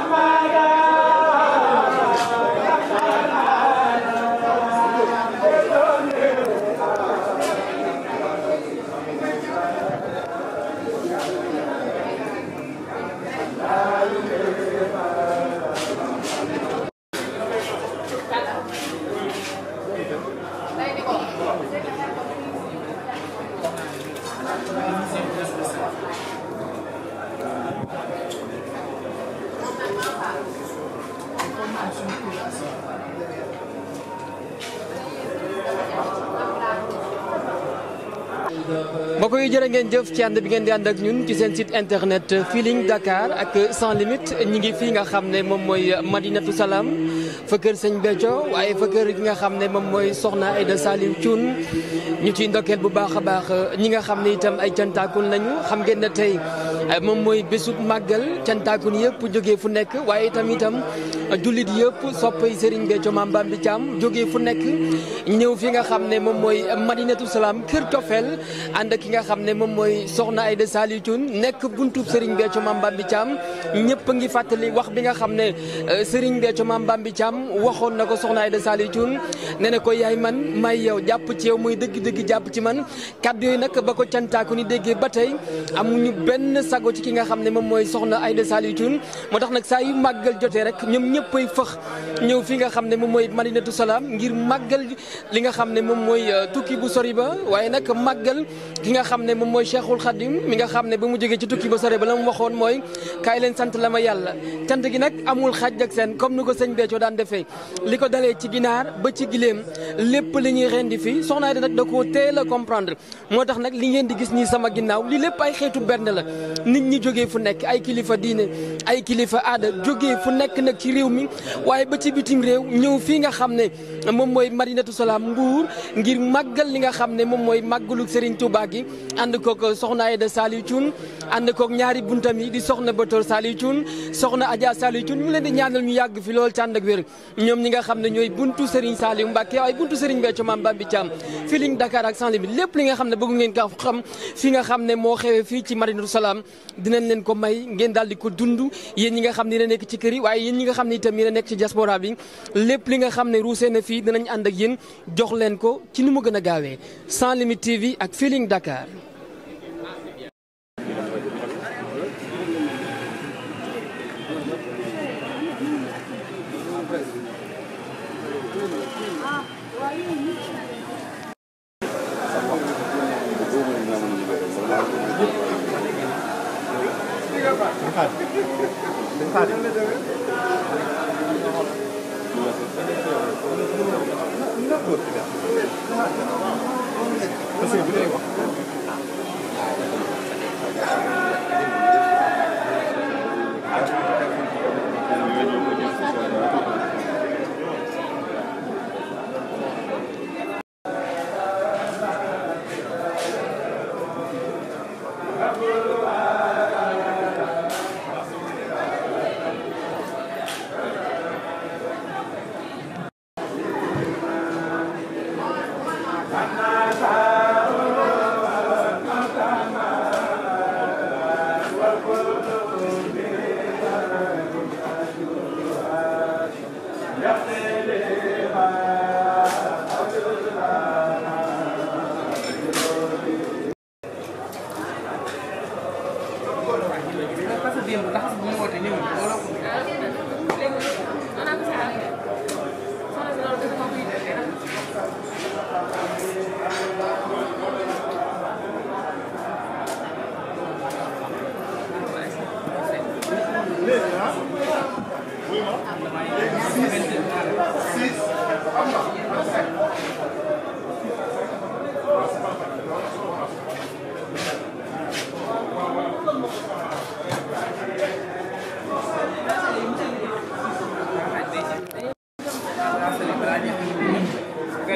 Almighty. mbokk yi jërë ngeen jëf ci ànd bi ngeen di ànd ak ñun ci seen site internet Feeling Dakar ak sans limite ñi ngi fii nga xam ne moom mooy Madinatu Salaam fa kër sëñ Béthio waaye fa kër gi nga xam ne moom mooy Soxna Aïda Saliou Thioune ñu ciy ndokkeel bu baax a baax ñi nga xam ne itam ay cantaakun lañu xam ngeen ne tey Euh, moom mooy bésu màggal cantaakun yëpp jógee fu nekk waaye itam itam euh, jullit yëpp sëriñ Serigne Béthio Maam bi caam jógee fu nekk ñëw fi nga xam ne moom mooy madinatu salaam kër cofeel ànd ki nga xam ne moom mooy soxna Aïda Saliou Thioune nekk buntub Serigne Béthio Maam Bambi Thiam ñëpp a ngi fàttali wax bi nga xam ne euh, Serigne Béthio Maam Bambi Thiam waxoon na ko soxna Aïda Saliou Thioune ne na ko yaay man may yow jàpp ci yow muy dëgg-dëgg jàpp ci man kàddu yooyu nag ba ko cantaakun déggee ba tey sago ci ki nga xam ne moom mooy soxna Aïda Saliou Thioune moo tax nag saa yu màggal jotee rek ñoom ñëppay fëx ñëw fi nga xam ne moom mooy Madinatu Salaam ngir màggal li nga xam ne moom mooy euh, tukki bu sori ba waaye nag màggal ki nga xam ne moom mooy Cheikhul Khadim mi nga xam ne ba mu jógee ci tukki bu sori ba la mu waxoon mooy kaay leen sant la ma yàlla cant gi nag amul xaj ak seen comme ni ko sëñ Béthio daan defee li ko dalee ci ginaar ba ci giléem lépp li ñuy rendi fii soxna Aïda nag da koo teel a comprendre moo tax nag li ngeen di gis nii sama ginnaaw li lépp ay xeetu bernde la nit ñi jógee fu nekk ay kilifa diine ay kilifa aada jóge fu nekk nag ci réew mi waaye ba ci bitim réew ñëw fii nga xam ne moom mooy Madinatu Salaam Mbuur ngir maggal li nga xam ne moom mooy màggalu Serigne Touba gi ànd koog soxna Aida Saliou Thioune ànd koog ñaari buntam yi di soxna Bator Saliou Thioune soxna Adja Saliou Thioune ñu leen di ñaanal ñu yàgg fi lool ci ànd ak wér ñoom ñi nga xam ne ñooy buntu Serigne Saliou Mbacké waaye buntu Serigne Béthio Mame Bambi Thiam Feeling Dakar ak Sans Limites lépp li nga xam ne bëgg ngeen ko xam fi nga xam ne moo xewee fii ci Madinatu Salaam dinañ leen ko may ngeen daal di ko dund yéen ñi nga xam ne yéen a nekk ci kër yi waaye yéen ñi nga xam ne itam yéen a nekk ci diaspora bi lépp li nga xam ne ruusee na fii dinañ ànd ak yéen jox leen ko ci ni mu gën a gaawee Sans Limites TV ak Feeling dakaar Xaadim sëñ Xaadim parce que bu dee wax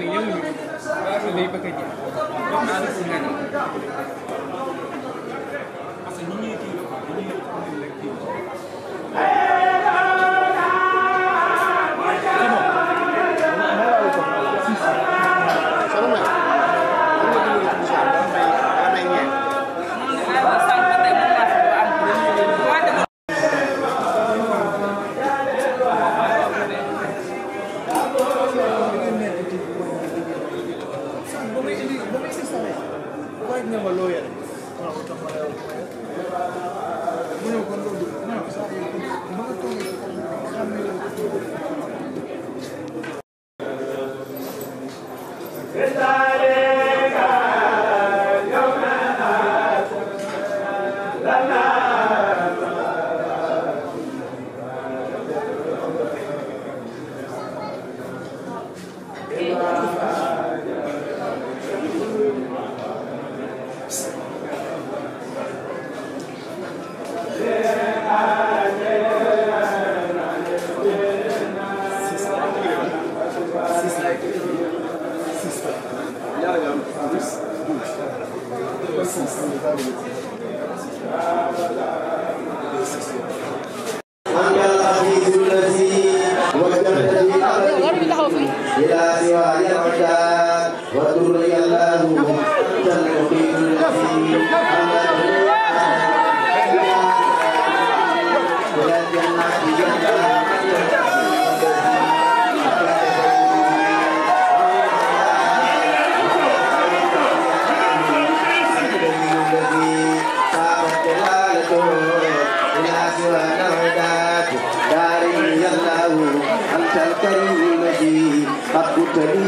ni ñëwuñu parce que day bëgg a jeex donc naa def pour parce que ñi ñuy kii dañuy am rek kii ma loo yore waaw tax ma lay mu ne kon loolu mu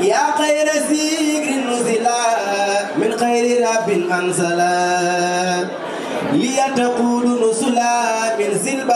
يا خير ذكر نزل من خير رب أنزل ليتقول نزلا من سلبا